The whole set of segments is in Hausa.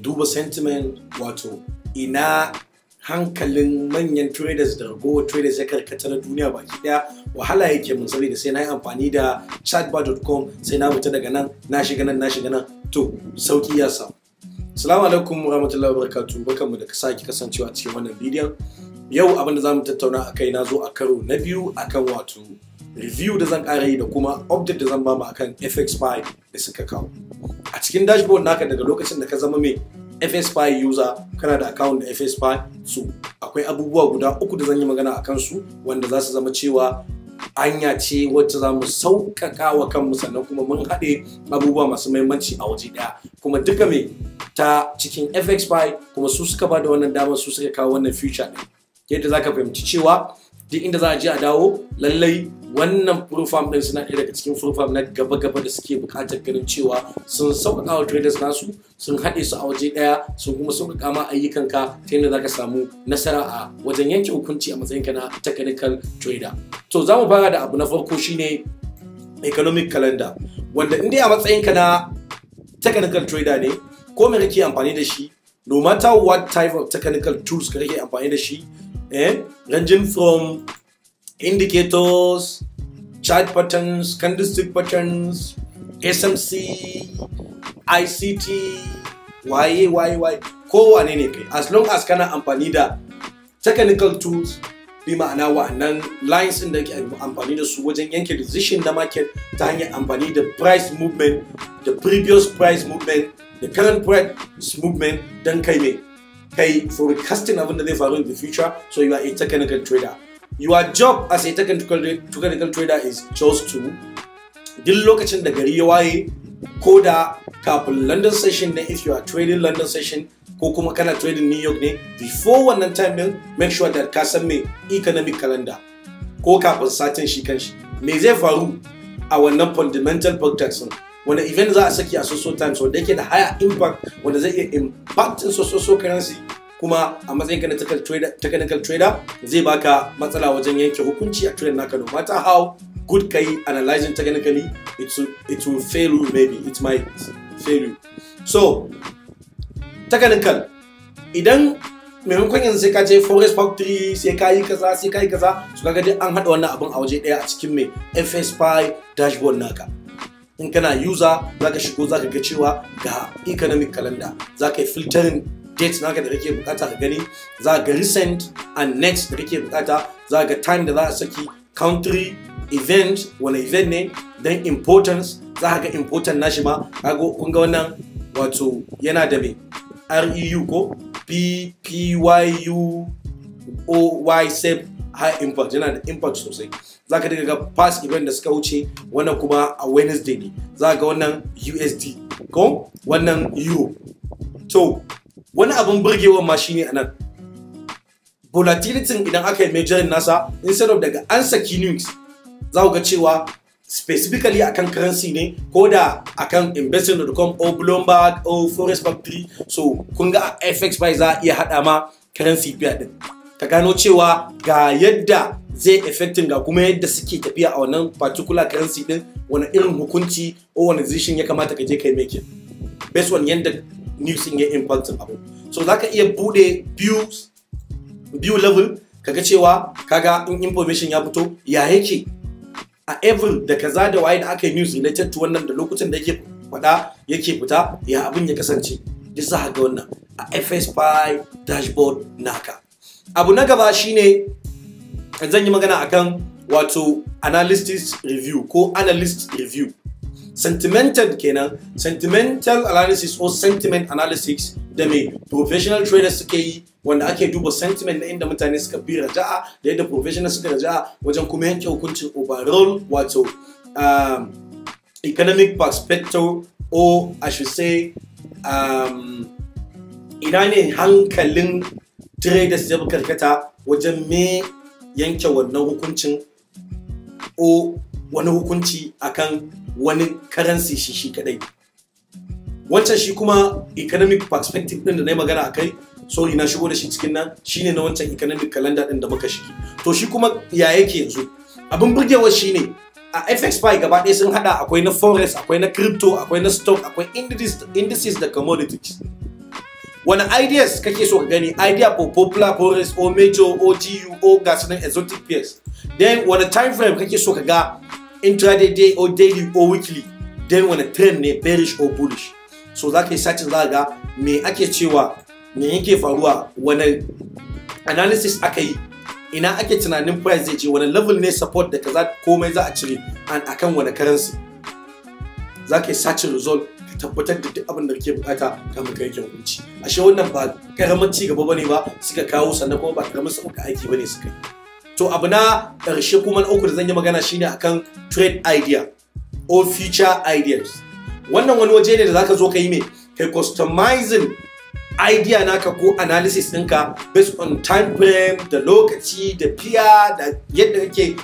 duba sentiment wato ina hankalin manyan traders da ragowar traders ya karkata na duniya baki daya wahala yake mun sabida sai na yi amfani da chatbot.com sai na fita daga nan na shiga nan na shiga nan to sauki ya samu salamu alaikum barakatu bakan mu da ka sake kasancewa a cikin wannan bidiyon yau abin da zamu tattauna akai na zo a karo na biyu akan wato review da zan kara yi da kuma update da zan ba mu akan FX5 da suka kawo a cikin dashboard naka daga lokacin da ka zama mai FSPI user kana da account da FSPI so akwai abubuwa guda uku da zan yi magana a kansu wanda za su zama cewa hanya ce wacce za mu sauƙaƙa wa kanmu sannan kuma mun haɗe abubuwa masu mahimmanci a waje ɗaya kuma duka mai ta cikin FXPy kuma su suka ba da wannan damar su suka kawo wannan future ɗin yadda za ka fahimci cewa duk inda za a je a dawo lallai wannan proofam din suna ɗaya daga cikin proofam na gaba-gaba da suke buƙatar ganin cewa sun sauƙaƙa wa traders nasu sun haɗe su a waje ɗaya sun kuma sauƙaƙa ma ayyukanka ta yadda za ka samu nasara a wajen yanke hukunci a matsayinka na technical trader to za mu fara da abu na farko shine economic calendar wanda in dai a matsayinka na technical trader ne ko me kake amfani da shi no matter what type of technical tools ka kake amfani da shi eh? ranging from indicators, chart patterns, candlestick patterns, SMC, ICT, waye waye waye kowane ne kai as long as kana amfani da technical tools bi ma'ana wa'annan lines ɗin da ke amfani da su wajen yanke decision na market ta hanyar amfani da price movement da previous price movement da current price movement don kai ne for the casting of zai faru in the future so you are a technical trader your job as a technical, technical trader is just to the lokacin da gari ya waye ko da kafin london session ne if you are trading london session ko kuma kana trading new york ne before wannan time din make sure that ka san me economic calendar ko kafin satin shi kanshi me zai faru a wannan fundamental protection wanda event za a saki a social times wanda yake da higher impact wanda zai iya impacting social currency kuma a matsayin ka na technical trader zai baka matsala wajen yanke hukunci a trade naka no matter how good yi analyzing technically it will, it will fail you maybe it might fail you so technical idan maimakon yanzu sai ka je forest factory sai ka yi kaza sai ka yi kaza su kaga dai an haɗa wannan abin a waje ɗaya a cikin mai fs5 dashboard naka in kana user zaka shigo zaka ga cewa ga economic calendar zaka yi filtering date naka da kake bukata ka gani za ga recent and next da kake bukata za ga time da za a saki country event wani event ne then importance za ga important shi ma kaga kun ga wannan wato yana da me REU ko PPYU OY high impact yana da impact sosai za ka daga ga past event da suka wuce wannan kuma a wednesday ne za ga wannan usd ko wannan euro to wani abin burgewa ma shine anan volatility idan aka yi majorin nasa instead of daga ansa saki news za ga cewa specifically akan currency ne ko da akan investing.com o bloomberg o forest factory so kun ga fx buy za a iya hada ma currency biya din ka gano cewa ga yadda zai efektin ga kuma yadda suke tafiya a wannan particular currency din wani irin hukunci ko wani zishin ya kamata ka je kai making based on yadda news in ya impacting abu so zaka iya bude views view level ga cewa kaga in information ya fito ya yake a evil da kaza da waye da aka yi news related to wannan da lokutan da yake faɗa yake fita ya abin ya kasance duk za ga wannan a fs5 dashboard naka abu na gaba shine zan yi magana akan wato analysis review ko analyst review sentimental kenan sentimental analysis or sentiment analysis da mai professional traders suke yi wanda ake duba sentiment na inda mutane suka fi raja'a da yadda professional suka raja'a wajen kuma yanke hukuncin overall wato um, economic perspective or I should say um, ina ne hankalin traders ya karkata wajen me yanke wannan hukuncin o wani hukunci akan wani karansi shi shi kadai wancan shi kuma economic perspective din da na yi magana a kai sorry na shigo da shi cikin nan shine na wancan economic calendar din da muka shige to shi kuma ya yake yanzu abin burgewa shine a fx gaba ɗaya sun hada akwai na forex akwai na crypto akwai na stock akwai indices da commodities wani ideas kake so ka gani idea for popular forest or major or gu or gas exotic pairs then wani time frame kake so ka ga intraday day or daily or weekly then wani trend ne bearish or bullish so za ka yi satin za ga me ake cewa me yake faruwa wani analysis aka yi ina ake tunanin price zai je wani level ne support da kaza komai za a cire an akan wani currency za ka yi sacin result ka tabbatar da duk abin da kake bukata ta maka yake hukunci ashe wannan ba karamin ci gaba bane ba suka kawo sannan kuma ba karamin sauka aiki bane suka yi to abu na ƙarshe kuma na uku da zan yi magana shine akan trade idea or future ideas wannan wani waje ne da zaka zo ka yi mai kai customizing idea naka ko analysis ɗinka based on time frame da lokaci da peer da yadda kake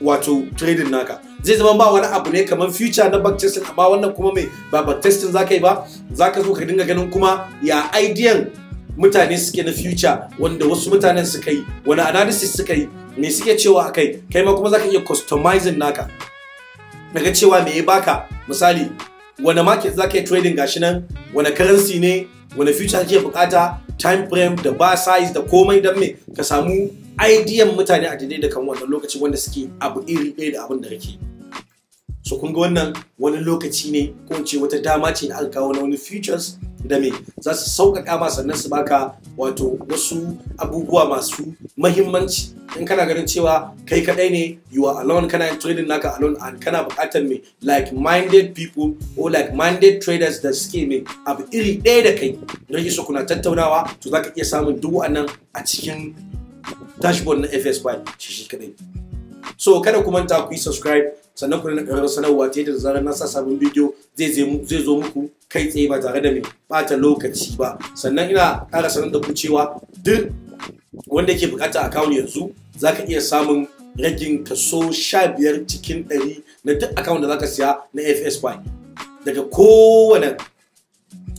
wato trading naka zai zama ba wani abu ne kamar future na backtesting amma wannan kuma mai ba backtesting za ka yi ba za ka zo ka dinga ganin kuma ya idean mutane suke na future wanda wasu mutanen suka yi wani analysis suka yi me suke cewa a kai kai ma kuma za ka iya customizing naka daga cewa me ya baka misali wani market za ka yi trading gashi nan wani currency ne wani future kake bukata time frame da bar size da komai don me ka samu idean mutane a daidai da kan wannan lokacin wanda suke abu iri ɗaya da abin da rake? so kun ga wannan wani lokaci ne ko ce wata dama ce da aka na wani futures da me za su sauƙaƙa ma sannan su baka wato wasu abubuwa masu mahimmanci in kana ganin cewa kai kaɗai ne you are alone kana trading naka alone and kana buƙatar me like minded people or like minded traders da suke me abu iri ɗaya da kai don yi kuna tattaunawa to za ka iya samun duk wannan a cikin dashboard na fs5 shi shi kadai so kada ku manta ku yi subscribe sannan ku na ƙarar sanarwa ta yadda zarar na sa sabon bidiyo zai zo muku kai tsaye ba tare da mai bata lokaci ba sannan ina ƙara sanar da ku cewa duk wanda ke bukata account yanzu zaka iya samun ragin kaso 15 cikin 100 na duk account da zaka ka siya na fsy daga kowane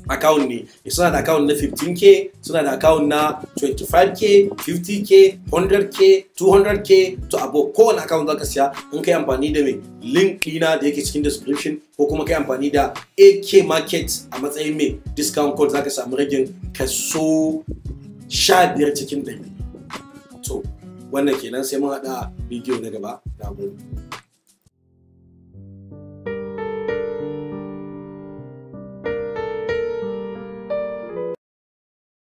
Akawun ne suna da account na 15k suna da account na 25k 50k 100k 200k to abo kowane account zaka siya in kai amfani da mai link dina da yake cikin description ko kuma kai amfani da AK market a matsayin mai discount code zaka samu ragin kaso 15 cikin 100 to wannan kenan sai mun hada bidiyo na gaba na